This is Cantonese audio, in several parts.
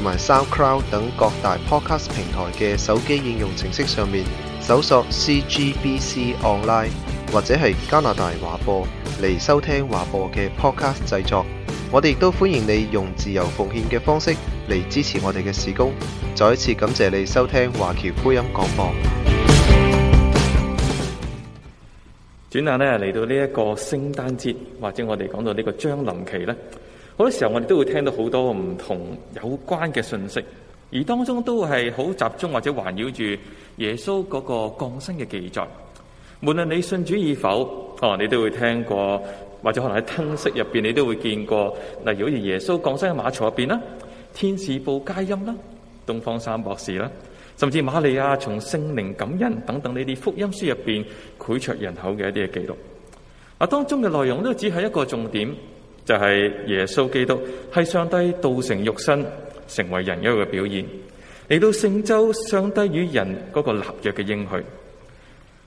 同埋 SoundCloud 等各大 Podcast 平台嘅手機應用程式上面搜索 CGBC Online 或者係加拿大華播嚟收聽華播嘅 Podcast 製作，我哋亦都歡迎你用自由奉獻嘅方式嚟支持我哋嘅事工。再一次感謝你收聽華僑福音廣播。轉眼呢，嚟到呢一個聖誕節，或者我哋講到呢個將臨期呢。好多時候我哋都會聽到好多唔同有關嘅信息，而當中都係好集中或者環繞住耶穌嗰個降生嘅記載。無論你信主與否，哦，你都會聽過，或者可能喺燈飾入邊你都會見過。例如好似耶穌降生嘅馬槽入邊啦，天使報佳音啦，東方三博士啦，甚至瑪利亞從聖靈感恩等等呢啲福音書入邊膾炙人口嘅一啲嘅記錄。啊，當中嘅內容都只係一個重點。就係、是、耶穌基督係上帝道成肉身成為人的一個表現，嚟到聖周上帝與人嗰個立約嘅應許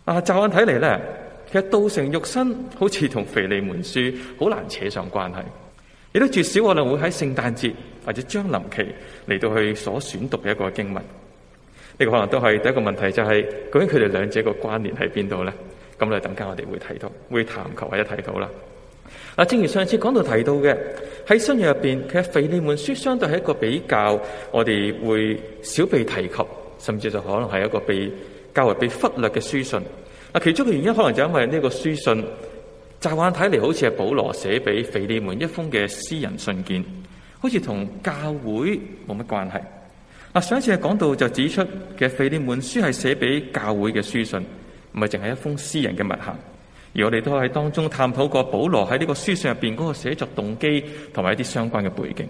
啊，驟眼睇嚟咧，其實道成肉身好似同腓利門書好難扯上關係，亦都絕少可能會喺聖誕節或者將臨期嚟到去所選讀嘅一個經文，呢、這個可能都係第一個問題、就是，就係究竟佢哋兩者個關聯喺邊度咧？咁咧，等間我哋會睇到會談求或者睇到啦。啊，正如上次講到提到嘅，喺新約入面，其實腓利門書相對係一個比較我哋會少被提及，甚至就可能係一個被較為被忽略嘅書信。其中嘅原因可能就因為呢個書信乍眼睇嚟好似係保羅寫俾腓利門一封嘅私人信件，好似同教會冇乜關係。上次嘅講到就指出其實腓利門書係寫俾教會嘅書信，唔係淨係一封私人嘅密函。而我哋都喺當中探討過保羅喺呢個書信入邊嗰個寫作動機同埋一啲相關嘅背景。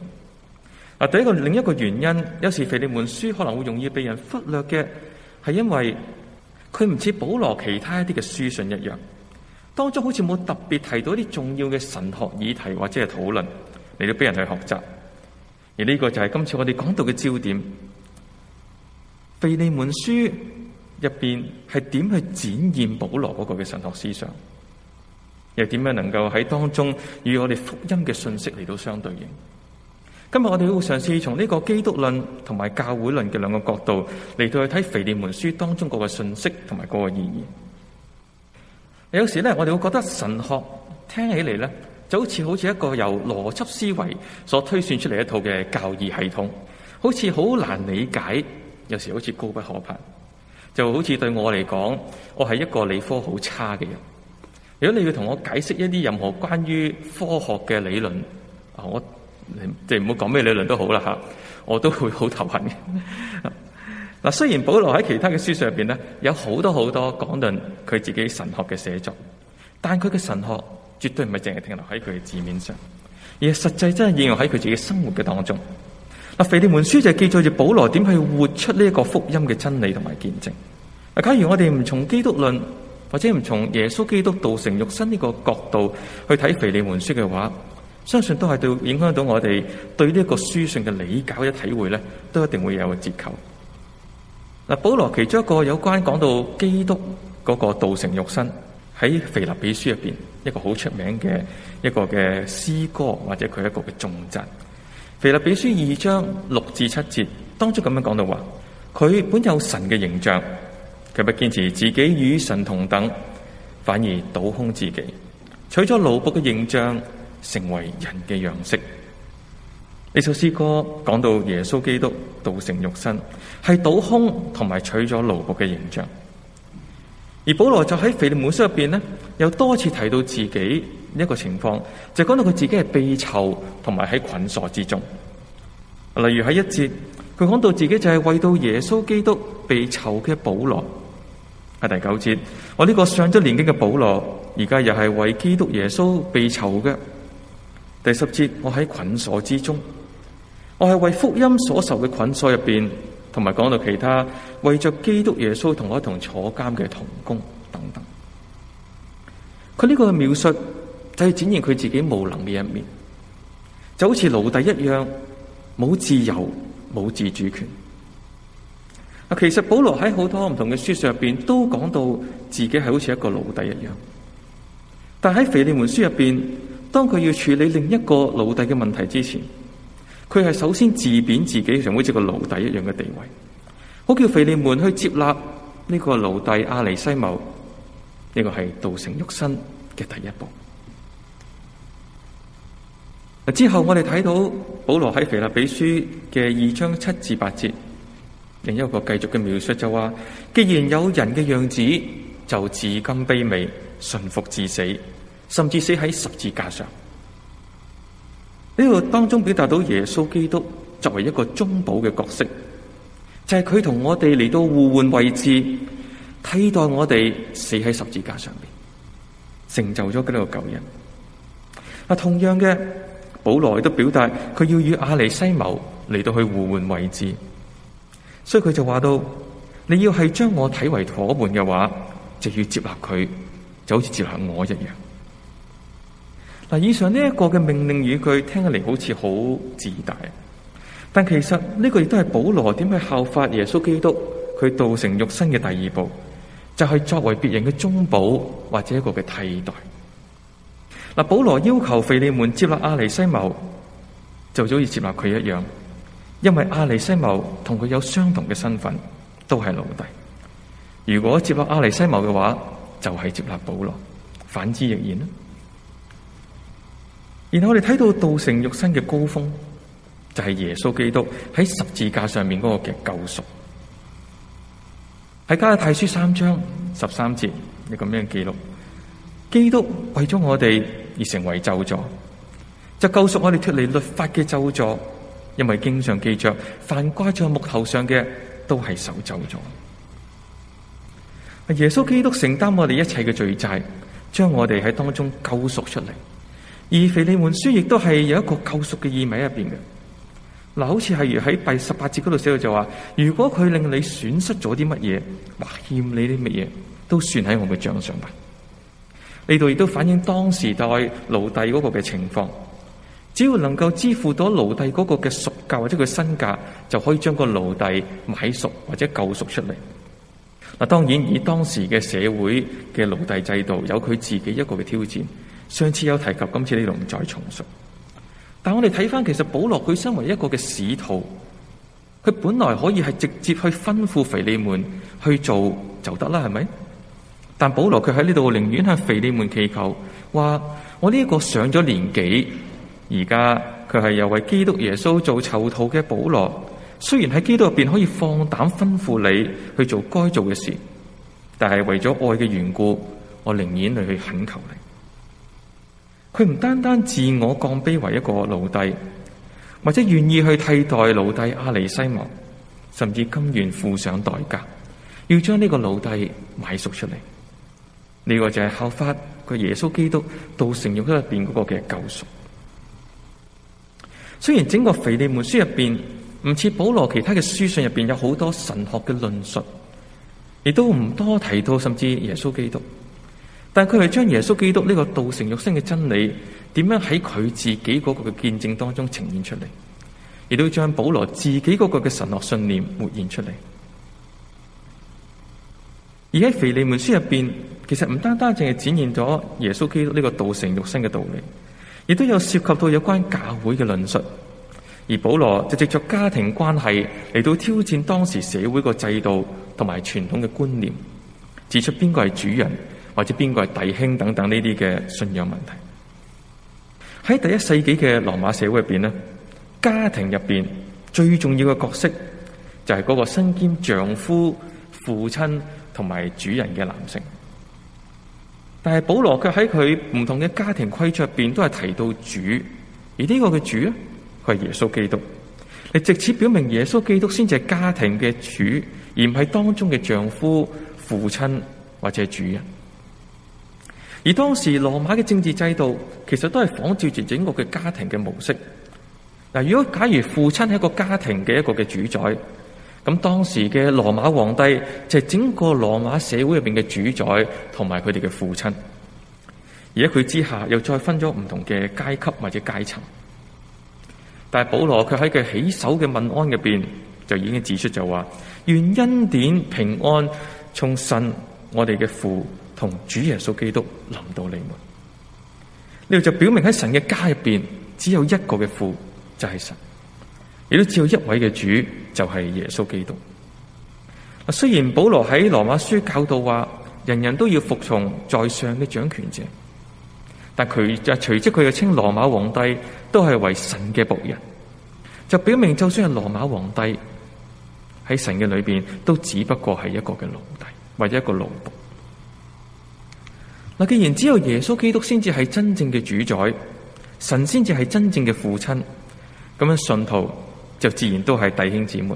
嗱，第一個另一個原因，有時腓利門書可能會容易被人忽略嘅，係因為佢唔似保羅其他一啲嘅書信一樣，當中好似冇特別提到一啲重要嘅神學議題或者係討論嚟到俾人去學習。而呢個就係今次我哋講到嘅焦點，腓利門書。入邊係點去展現保羅嗰個嘅神學思想，又點樣能夠喺當中與我哋福音嘅信息嚟到相對應？今日我哋會嘗試從呢個基督論同埋教會論嘅兩個角度嚟到去睇《腓利門書》當中嗰個信息同埋嗰個意義。有時咧，我哋會覺得神學聽起嚟咧就好似好似一個由邏輯思維所推算出嚟一套嘅教義系統，好似好難理解，有時好似高不可攀。就好似對我嚟講，我係一個理科好差嘅人。如果你要同我解釋一啲任何關於科學嘅理論，我即係唔好講咩理論都好啦，吓，我都會好頭痛嘅。嗱，雖然保羅喺其他嘅書上邊咧，有好多好多講論佢自己神學嘅寫作，但佢嘅神學絕對唔係淨係停留喺佢嘅字面上，而係實際真係應用喺佢自己生活嘅當中。腓利門書就係記載住保羅點去活出呢一個福音嘅真理同埋見證。嗱，假如我哋唔從基督論或者唔從耶穌基督道成肉身呢個角度去睇腓利門書嘅話，相信都係對影響到我哋對呢一個書信嘅理解嘅體會咧，都一定會有折扣。嗱，保羅其中一個有關講到基督嗰個道成肉身喺腓立比書入邊一個好出名嘅一個嘅詩歌或者佢一個嘅重鎮。腓立比書二章六至七節，當初咁樣講到話，佢本有神嘅形象，佢不堅持自己與神同等，反而倒空自己，取咗奴僕嘅形象，成為人嘅樣式。呢首詩歌講到耶穌基督道成肉身，係倒空同埋取咗奴僕嘅形象。而保羅就喺腓利門書入邊呢，又多次提到自己。一個情況就講、是、到佢自己係被囚同埋喺捆鎖之中，例如喺一節佢講到自己就係為到耶穌基督被囚嘅保羅，喺第九節。我呢個上咗年紀嘅保羅，而家又係為基督耶穌被囚嘅。第十節我喺捆鎖之中，我係為福音所受嘅捆鎖入邊，同埋講到其他為着基督耶穌同我一同坐監嘅同工等等。佢呢個描述。去展現佢自己無能嘅一面，就好似奴隸一樣，冇自由，冇自主權。啊，其實保羅喺好多唔同嘅書上邊都講到自己係好似一個奴隸一樣。但喺腓利門書入邊，當佢要處理另一個奴隸嘅問題之前，佢係首先自貶自己，成為似個奴隸一樣嘅地位，好叫腓利門去接納呢個奴隸阿尼西謀，呢個係道成肉身嘅第一步。之後我哋睇到保羅喺腓立比書嘅二章七至八節，另一個繼續嘅描述就話：既然有人嘅樣子就至今卑微、順服至死，甚至死喺十字架上，呢度當中表達到耶穌基督作為一個中保嘅角色，就係佢同我哋嚟到互換位置，替代我哋死喺十字架上邊，成就咗呢個救恩。啊，同樣嘅。保羅亦都表達佢要與阿里西謀嚟到去互換位置，所以佢就話到，你要係將我睇為夥伴嘅話，就要接納佢，就好似接納我一樣。嗱，以上呢一個嘅命令語句，聽起嚟好似好自大，但其實呢個亦都係保羅點去效法耶穌基督，佢道成肉身嘅第二步，就係、是、作為別人嘅中保或者一個嘅替代。嗱，保羅要求腓利門接納阿尼西謀，就好似接納佢一樣，因為阿尼西謀同佢有相同嘅身份，都係奴隸。如果接納阿尼西謀嘅話，就係、是、接納保羅。反之亦然。然後我哋睇到道成肉身嘅高峰，就係、是、耶穌基督喺十字架上面嗰個嘅救贖。喺加拉太書三章十三節，一個咩記錄？基督為咗我哋。而成為咒詛，就救贖我哋脫離律法嘅咒詛，因為經上記着，凡掛在木頭上嘅都係受咒詛。耶穌基督承擔我哋一切嘅罪債，將我哋喺當中救贖出嚟。而腓利門書亦都係有一個救贖嘅意味喺入邊嘅。嗱，好似係如喺第十八節嗰度寫到就話，如果佢令你損失咗啲乜嘢，或欠你啲乜嘢，都算喺我嘅賬上吧。呢度亦都反映當時代奴隸嗰個嘅情況，只要能夠支付到奴隸嗰個嘅贖價或者佢身價，就可以將個奴隸買贖或者救贖出嚟。嗱，當然以當時嘅社會嘅奴隸制度，有佢自己一個嘅挑戰。上次有提及，今次呢度唔再重述。但我哋睇翻，其實保羅佢身為一個嘅使徒，佢本來可以係直接去吩咐腓利門去做就得啦，係咪？但保羅佢喺呢度寧願向腓利門祈求，話我呢個上咗年紀，而家佢係又為基督耶穌做囚徒嘅保羅，雖然喺基督入邊可以放膽吩咐你去做該做嘅事，但係為咗愛嘅緣故，我寧願你去懇求你。佢唔單單自我降卑為一個奴隸，或者願意去替代奴隸阿尼西母，甚至甘願付上代價，要將呢個奴隸買贖出嚟。呢、這個就係效法個耶穌基督道成肉身入邊嗰個嘅救贖。雖然整個腓利門書入邊唔似保羅其他嘅書信入邊有好多神學嘅論述，亦都唔多提到甚至耶穌基督，但係佢係將耶穌基督呢個道成肉身嘅真理，點樣喺佢自己嗰個嘅見證當中呈現出嚟，亦都將保羅自己嗰個嘅神學信念活現出嚟。而喺《腓利門書》入邊，其實唔單單淨係展現咗耶穌基督呢個道成肉身嘅道理，亦都有涉及到有關教會嘅論述。而保羅就藉着家庭關係嚟到挑戰當時社會個制度同埋傳統嘅觀念，指出邊個係主人或者邊個係弟兄等等呢啲嘅信仰問題。喺第一世紀嘅羅馬社會入邊呢，家庭入邊最重要嘅角色就係嗰個身兼丈夫、父親，同埋主人嘅男性，但係保羅卻喺佢唔同嘅家庭規則入邊都係提到主，而個主呢個嘅主咧，佢係耶穌基督。你借此表明耶穌基督先至係家庭嘅主，而唔係當中嘅丈夫、父親或者係主人。而當時羅馬嘅政治制度，其實都係仿照住整個嘅家庭嘅模式。嗱，如果假如父親係一個家庭嘅一個嘅主宰。咁當時嘅羅馬皇帝就係整個羅馬社會入邊嘅主宰，同埋佢哋嘅父親。而喺佢之下，又再分咗唔同嘅階級或者階層。但係保羅佢喺佢起手嘅問安入邊就已經指出就話，願恩典平安從神我哋嘅父同主耶穌基督臨到你們。呢度就表明喺神嘅家入邊只有一個嘅父就係神。亦都只有一位嘅主，就係、是、耶穌基督。啊，雖然保羅喺羅馬書教導話，人人都要服從在上嘅掌權者，但佢就隨即佢又稱羅馬皇帝都係為神嘅僕人，就表明就算係羅馬皇帝喺神嘅裏邊，都只不過係一個嘅奴隸或者一個奴僕。嗱，既然只有耶穌基督先至係真正嘅主宰，神先至係真正嘅父親，咁樣信徒，就自然都係弟兄姊妹。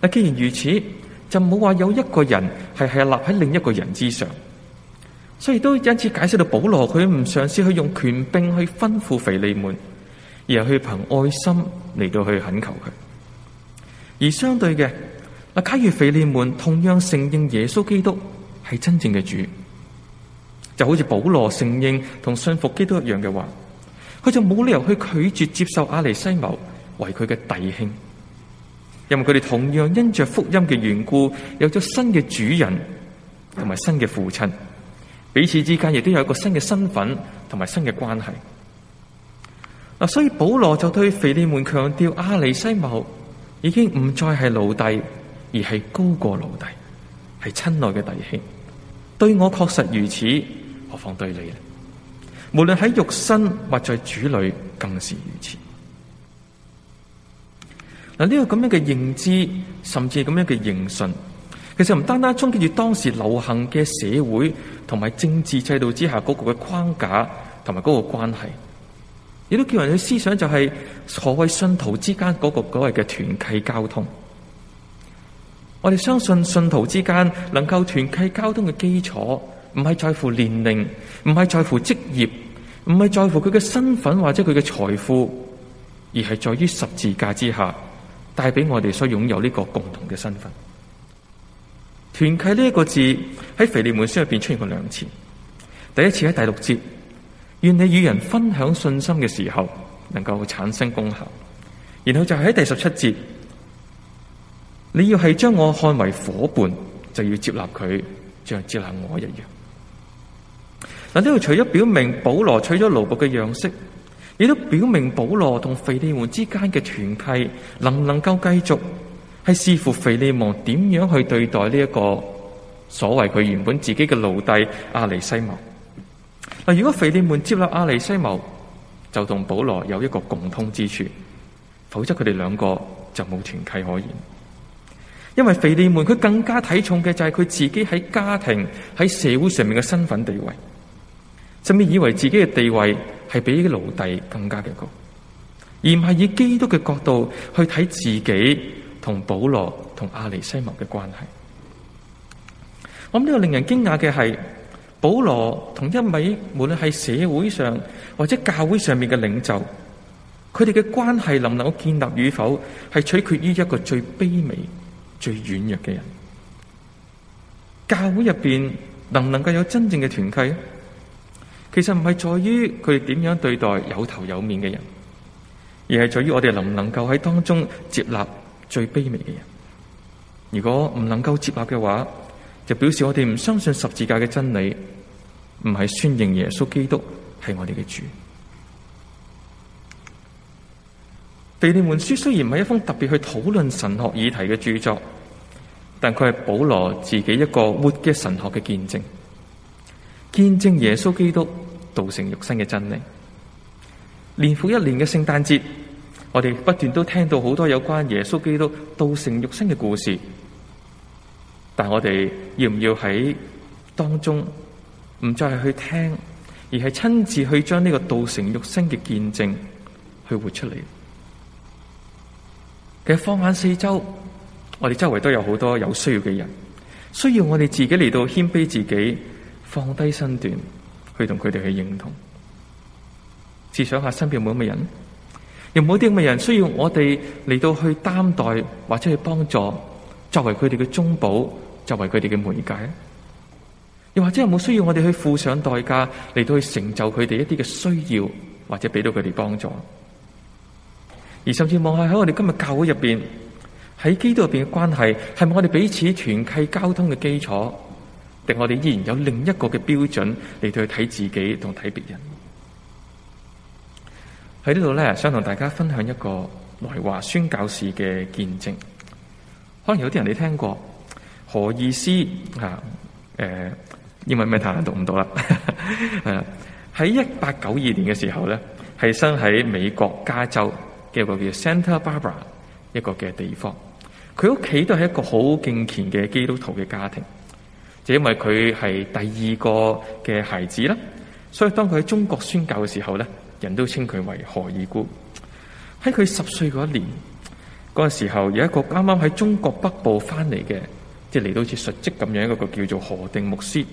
嗱，既然如此，就冇話有一個人係係立喺另一個人之上，所以都因此解釋到保羅佢唔嘗試去用權柄去吩咐腓利門，而係去憑愛心嚟到去懇求佢。而相對嘅，嗱，假如腓利門同樣承認耶穌基督係真正嘅主，就好似保羅承認同信服基督一樣嘅話，佢就冇理由去拒絕接受阿尼西母。為佢嘅弟兄，因為佢哋同樣因着福音嘅緣故，有咗新嘅主人同埋新嘅父親，彼此之間亦都有一個新嘅身份同埋新嘅關係。嗱，所以保羅就對腓利門強調阿，阿尼西母已經唔再係奴隸，而係高過奴隸，係親愛嘅弟兄。對我確實如此，何況對你呢？無論喺肉身或在主裏，更是如此。嗱，呢個咁樣嘅認知，甚至咁樣嘅認信，其實唔單單衝擊住當時流行嘅社會同埋政治制度之下嗰個嘅框架，同埋嗰個關係，亦都叫人嘅思想就係何謂信徒之間嗰、嗰個所謂嘅團契交通。我哋相信信徒之間能夠團契交通嘅基礎，唔係在乎年齡，唔係在乎職業，唔係在乎佢嘅身份或者佢嘅財富，而係在於十字架之下。帶俾我哋所擁有呢個共同嘅身份。團契呢一個字喺腓利門書入邊出現過兩次，第一次喺第六節，願你與人分享信心嘅時候能夠產生功效。然後就喺第十七節，你要係將我看為夥伴，就要接納佢，就接納我一樣。嗱，呢度除咗表明保羅取咗奴僕嘅樣式。亦都表明保羅同腓利門之間嘅團契能唔能夠繼續，係視乎腓利門點樣去對待呢一個所謂佢原本自己嘅奴隸阿尼西茂。嗱，如果腓利門接納阿尼西茂，就同保羅有一個共通之處；否則佢哋兩個就冇團契可言。因為腓利門佢更加睇重嘅就係佢自己喺家庭、喺社會上面嘅身份地位，甚至以為自己嘅地位係比奴隸更加嘅高，而唔係以基督嘅角度去睇自己同保羅同阿尼西莫嘅關係。我諗呢個令人驚訝嘅係，保羅同一米無論喺社會上或者教會上面嘅領袖，佢哋嘅關係能唔能夠建立與否，係取決於一個最卑微、最軟弱嘅人。教會入邊能唔能夠有真正嘅團契？其實唔係在於佢點樣對待有頭有面嘅人，而係在於我哋能唔能夠喺當中接納最卑微嘅人。如果唔能夠接納嘅話，就表示我哋唔相信十字架嘅真理，唔係宣認耶穌基督係我哋嘅主。腓利門書雖然唔係一封特別去討論神學議題嘅著作，但佢係保羅自己一個活嘅神學嘅見證。見證耶穌基督道成肉身嘅真理，年復一年嘅聖誕節，我哋不斷都聽到好多有關耶穌基督道成肉身嘅故事。但我哋要唔要喺當中唔再係去聽，而係親自去將呢個道成肉身嘅見證去活出嚟？其實放眼四周，我哋周圍都有好多有需要嘅人，需要我哋自己嚟到謙卑自己。放低身段去同佢哋去認同。試想下身邊有冇咩人，有冇啲咁嘅人需要我哋嚟到去擔待或者去幫助，作為佢哋嘅中保，作為佢哋嘅媒介。又或者有冇需要我哋去付上代價嚟到去成就佢哋一啲嘅需要，或者俾到佢哋幫助。而甚至望下喺我哋今日教會入邊，喺基督入邊嘅關係，係咪我哋彼此團契交通嘅基礎？我哋依然有另一個嘅標準嚟到去睇自己同睇別人。喺呢度咧，想同大家分享一個來華宣教士嘅見證。可能有啲人你聽過何以思啊？誒、呃，英文名太難讀唔到啦。喺一八九二年嘅時候咧，係生喺美國加州嘅一個叫 Santa Barbara 一個嘅地方。佢屋企都係一個好敬虔嘅基督徒嘅家庭。因為佢係第二個嘅孩子啦，所以當佢喺中國宣教嘅時候咧，人都稱佢為何二姑。喺佢十歲嗰一年嗰陣、那個、時候，有一個啱啱喺中國北部翻嚟嘅，即係嚟到好似述職咁樣一個叫做何定牧師，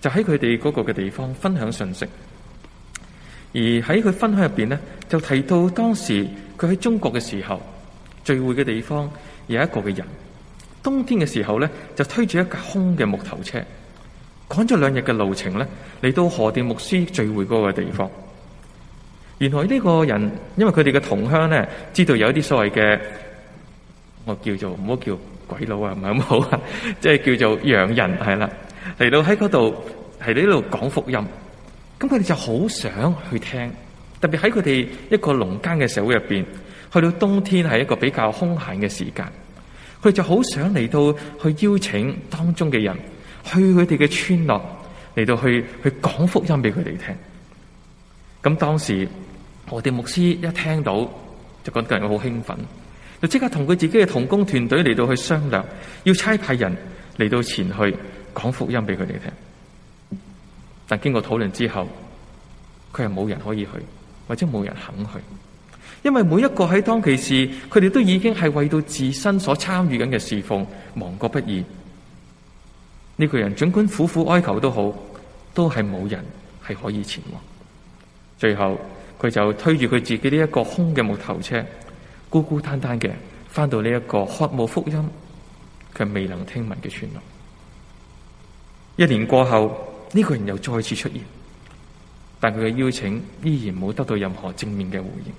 就喺佢哋嗰個嘅地方分享信息。而喺佢分享入邊咧，就提到當時佢喺中國嘅時候聚會嘅地方有一個嘅人。冬天嘅時候咧，就推住一架空嘅木頭車，趕咗兩日嘅路程咧，嚟到河地牧師聚會嗰個地方。原來呢個人，因為佢哋嘅同鄉咧，知道有一啲所謂嘅，我叫做唔好叫鬼佬啊，唔係咁好啊，即係叫做洋人係啦。嚟到喺嗰度，喺呢度講福音，咁佢哋就好想去聽，特別喺佢哋一個農耕嘅社會入邊，去到冬天係一個比較空閒嘅時間。佢就好想嚟到去邀請當中嘅人去佢哋嘅村落嚟到去去講福音俾佢哋聽。咁當時我哋牧師一聽到就覺得人好興奮，就即刻同佢自己嘅同工團隊嚟到去商量，要差派人嚟到前去講福音俾佢哋聽。但經過討論之後，佢係冇人可以去，或者冇人肯去。因為每一個喺當其時，佢哋都已經係為到自身所參與緊嘅侍奉，忙過不已。呢、這個人盡管苦苦哀求都好，都係冇人係可以前往。最後佢就推住佢自己呢一個空嘅木頭車，孤孤單單嘅翻到呢一個渴慕福音，佢未能聽聞嘅村落。一年過後，呢、這個人又再次出現，但佢嘅邀請依然冇得到任何正面嘅回應。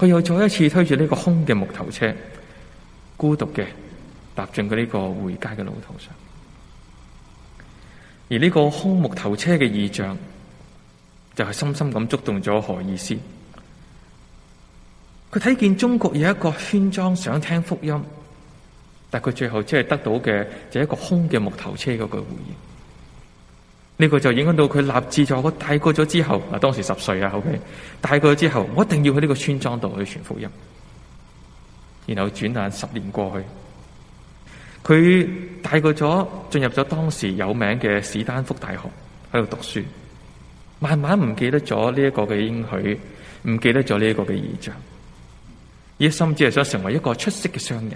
佢又再一次推住呢個空嘅木頭車，孤獨嘅踏進佢呢個回家嘅路途上，而呢個空木頭車嘅異象，就係、是、深深咁觸動咗何意思。佢睇見中國有一個圈裝想聽福音，但佢最後即係得到嘅就是一個空嘅木頭車嗰句回應。呢、這個就影響到佢立志咗。我大個咗之後，嗱當時十歲啊，OK，大個咗之後，我一定要去呢個村莊度去傳福音。然後轉眼十年過去，佢大個咗，進入咗當時有名嘅史丹福大學喺度讀書，慢慢唔記得咗呢一個嘅應許，唔記得咗呢一個嘅異象，一心只係想成為一個出色嘅商人。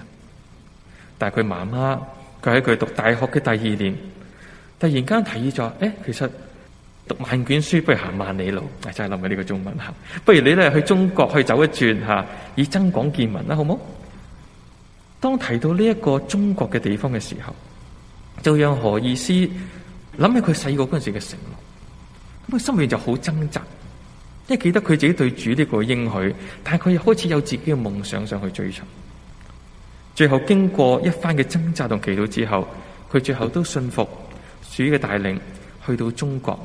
但係佢媽媽，佢喺佢讀大學嘅第二年。突然間提議咗，誒，其實讀萬卷書不如行萬里路，就係諗起呢個中文吓。不如你咧去中國去走一轉吓，以增廣見聞啦，好唔好？當提到呢一個中國嘅地方嘅時候，就讓何意思諗起佢細個嗰陣時嘅承諾，咁佢心裏就好掙扎，因為記得佢自己對主呢個應許，但係佢又開始有自己嘅夢想上去追尋。最後經過一番嘅掙扎同祈禱之後，佢最後都信服。主嘅帶領去到中國，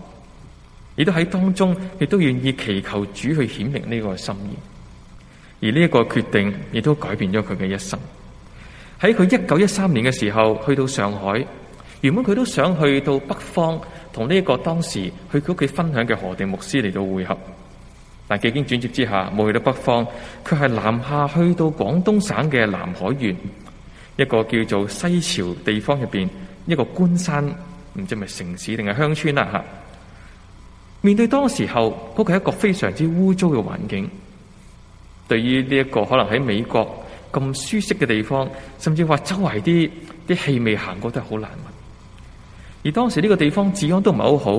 亦都喺當中，亦都願意祈求主去顯明呢個心意。而呢一個決定，亦都改變咗佢嘅一生。喺佢一九一三年嘅時候去到上海，原本佢都想去到北方，同呢一個當時去佢屋企分享嘅何地牧師嚟到會合。但係幾經轉折之下，冇去到北方，佢係南下去到廣東省嘅南海縣，一個叫做西樵地方入邊一個官山。唔知係城市定係鄉村啦、啊、吓，面對當時候嗰、那個是一個非常之污糟嘅環境，對於呢一個可能喺美國咁舒適嘅地方，甚至話周圍啲啲氣味行過都係好難聞。而當時呢個地方治安都唔係好好，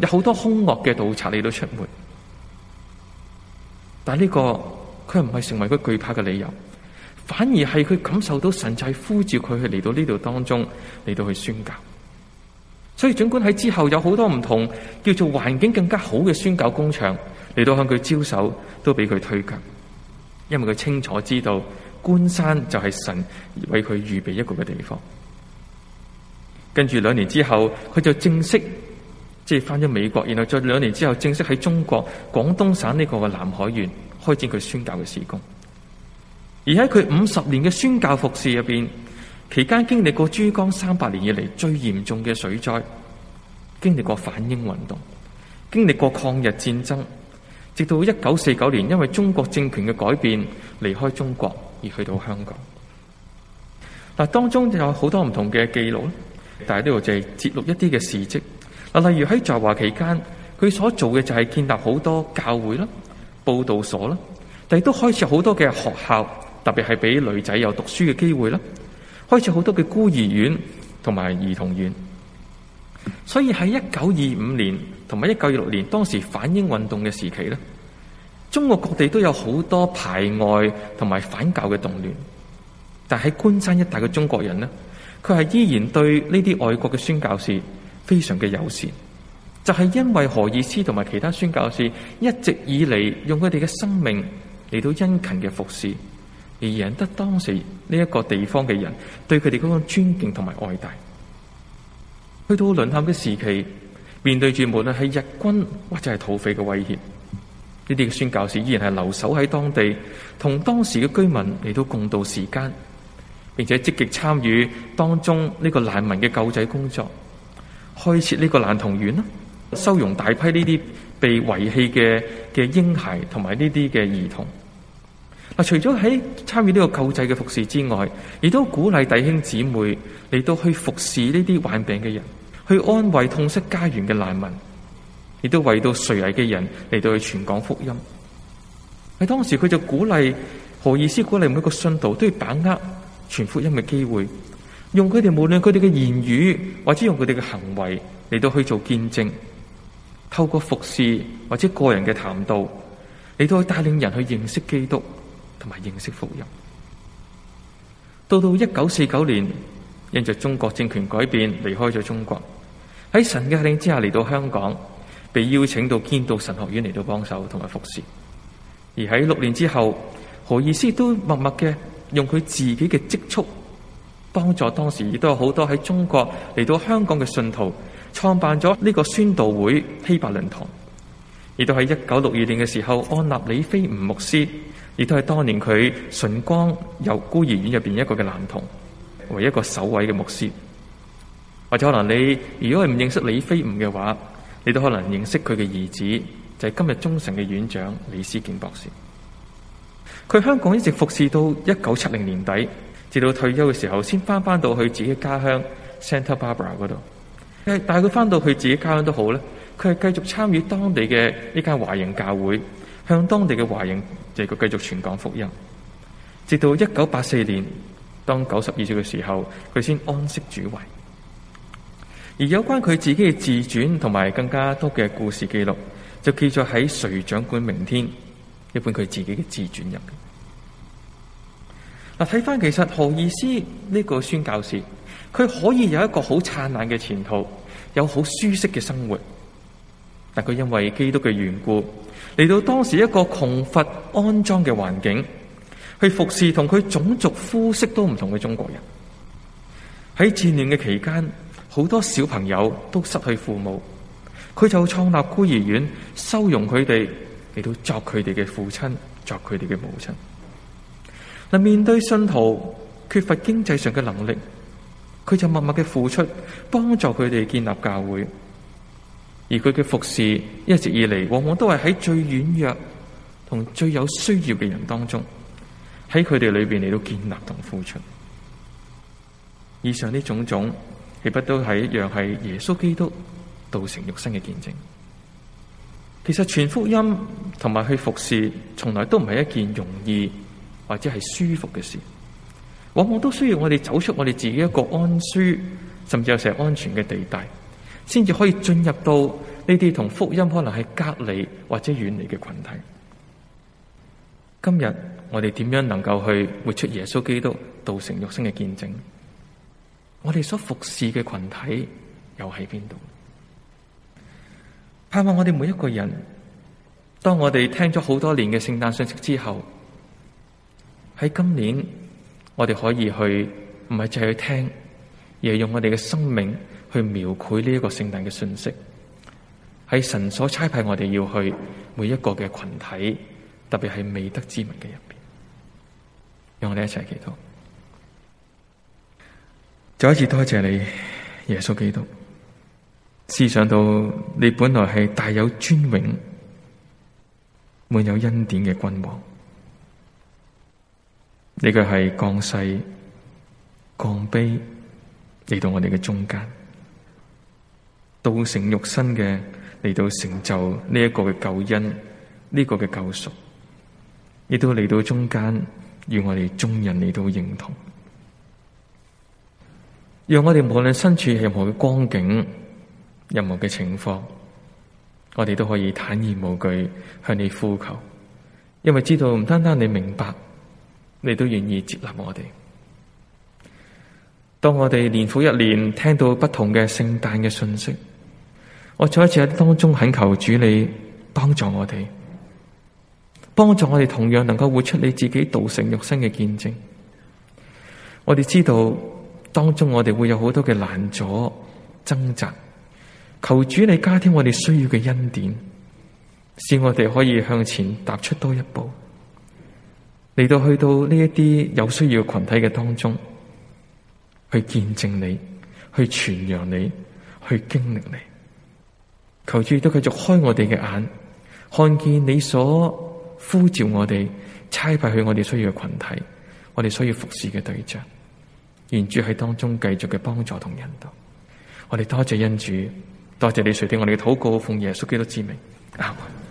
有好多凶惡嘅盜賊嚟到出沒，但係、這、呢個佢唔係成為佢懼怕嘅理由，反而係佢感受到神在呼召佢去嚟到呢度當中嚟到去宣教。所以，儘管喺之後有好多唔同，叫做環境更加好嘅宣教工場嚟到向佢招手，都俾佢推卻，因為佢清楚知道，官山就係神為佢預備一個嘅地方。跟住兩年之後，佢就正式即係翻咗美國，然後再兩年之後，正式喺中國廣東省呢個嘅南海縣開展佢宣教嘅事工。而喺佢五十年嘅宣教服侍入邊。期間經歷過珠江三百年以嚟最嚴重嘅水災，經歷過反英運動，經歷過抗日戰爭，直到一九四九年因為中國政權嘅改變離開中國而去到香港。嗱，當中就有好多唔同嘅記錄，但係呢度就係節錄一啲嘅事蹟。嗱，例如喺在華期間，佢所做嘅就係建立好多教會啦、報道所啦，但係都開始有好多嘅學校，特別係俾女仔有讀書嘅機會啦。開始好多嘅孤兒院同埋兒童院，所以喺一九二五年同埋一九二六年，當時反英運動嘅時期咧，中國各地都有好多排外同埋反教嘅動亂，但係喺關山一帶嘅中國人咧，佢係依然對呢啲外國嘅宣教士非常嘅友善，就係因為何以斯同埋其他宣教士一直以嚟用佢哋嘅生命嚟到殷勤嘅服侍。而贏得當時呢一個地方嘅人對佢哋嗰個尊敬同埋愛戴。去到淪陷嘅時期，面對住無論係日軍或者係土匪嘅威脅，呢啲嘅宣教士依然係留守喺當地，同當時嘅居民嚟到共度時艱，並且積極參與當中呢個難民嘅救濟工作，開設呢個難童院啦，收容大批呢啲被遺棄嘅嘅嬰孩同埋呢啲嘅兒童。嗱，除咗喺參與呢個救濟嘅服侍之外，亦都鼓勵弟兄姊妹嚟到去服侍呢啲患病嘅人，去安慰痛失家園嘅難民，亦都為到垂危嘅人嚟到去傳講福音。喺當時，佢就鼓勵何意思鼓勵每個信徒都要把握傳福音嘅機會，用佢哋無論佢哋嘅言語或者用佢哋嘅行為嚟到去做見證，透過服侍或者個人嘅談道嚟到去帶領人去認識基督。同埋認識福音，到到一九四九年，因着中國政權改變，離開咗中國，喺神嘅命令之下嚟到香港，被邀請到堅道神學院嚟到幫手同埋服侍。而喺六年之後，何義斯都默默嘅用佢自己嘅積蓄，幫助當時亦都有好多喺中國嚟到香港嘅信徒，創辦咗呢個宣道會希伯倫堂。亦都喺一九六二年嘅時候，安納李飛吾牧師，亦都係當年佢純光由孤兒院入邊一個嘅男童，為一個首位嘅牧師。或者可能你如果係唔認識李飛吾嘅話，你都可能認識佢嘅兒子，就係今日忠誠嘅院長李思健博士。佢香港一直服侍到一九七零年底，直到退休嘅時候，先翻翻到去自己家鄉 Santa Barbara 嗰度。但係佢翻到去自己家鄉都好咧，佢係繼續參與當地嘅呢間華人教會，向當地嘅華人繼續繼續傳講福音，直到一九八四年當九十二歲嘅時候，佢先安息主懷。而有關佢自己嘅自傳，同埋更加多嘅故事記錄，就記載喺《誰掌管明天》一本佢自己嘅自傳入嘅。嗱，睇翻，其實何意思呢個宣教士，佢可以有一個好燦爛嘅前途，有好舒適嘅生活。但佢因為基督嘅緣故，嚟到當時一個窮乏安裝嘅環境，去服侍同佢種族膚色都唔同嘅中國人。喺戰亂嘅期間，好多小朋友都失去父母，佢就創立孤兒院收容佢哋，嚟到作佢哋嘅父親，作佢哋嘅母親。嗱，面對信徒缺乏經濟上嘅能力，佢就默默嘅付出，幫助佢哋建立教會。而佢嘅服侍一直以嚟，往往都係喺最軟弱同最有需要嘅人當中，喺佢哋裏邊嚟到建立同付出。以上呢種種，豈不都一樣係耶穌基督道成肉身嘅見證？其實傳福音同埋去服侍，從來都唔係一件容易或者係舒服嘅事，往往都需要我哋走出我哋自己一個安舒，甚至有時係安全嘅地帶。先至可以進入到呢啲同福音可能係隔離或者遠離嘅群體。今日我哋點樣能夠去活出耶穌基督道成肉身嘅見證？我哋所服侍嘅群體又喺邊度？盼望我哋每一個人，當我哋聽咗好多年嘅聖誕信息之後，喺今年我哋可以去，唔係淨係去聽，而係用我哋嘅生命。去描繪呢一個聖誕嘅信息，喺神所差派我哋要去每一個嘅群體，特別係未得之民嘅入邊，讓我哋一齊祈禱。再一次多謝你，耶穌基督，思想到你本來係大有尊榮、滿有恩典嘅君王，呢嘅係降世、降卑嚟到我哋嘅中間。道成肉身嘅嚟到成就呢一個嘅救恩，呢個嘅救贖，亦都嚟到中間，與我哋眾人嚟到認同。讓我哋無論身處任何嘅光景，任何嘅情況，我哋都可以坦然無懼向你呼求，因為知道唔單單你明白，你都願意接納我哋。當我哋年復一年聽到不同嘅聖誕嘅信息。我再一次喺當中懇求主你幫助我哋，幫助我哋同樣能夠活出你自己道成肉身嘅見證。我哋知道當中我哋會有好多嘅攔阻、掙扎，求主你加添我哋需要嘅恩典，使我哋可以向前踏出多一步，嚟到去到呢一啲有需要嘅群體嘅當中，去見證你，去傳揚你，去經歷你。求主都繼續開我哋嘅眼，看見你所呼召我哋差派去我哋需要嘅群體，我哋需要服侍嘅對象，願主喺當中繼續嘅幫助同引導。我哋多謝恩主，多謝你垂聽我哋嘅禱告，奉耶穌基督之名，阿門。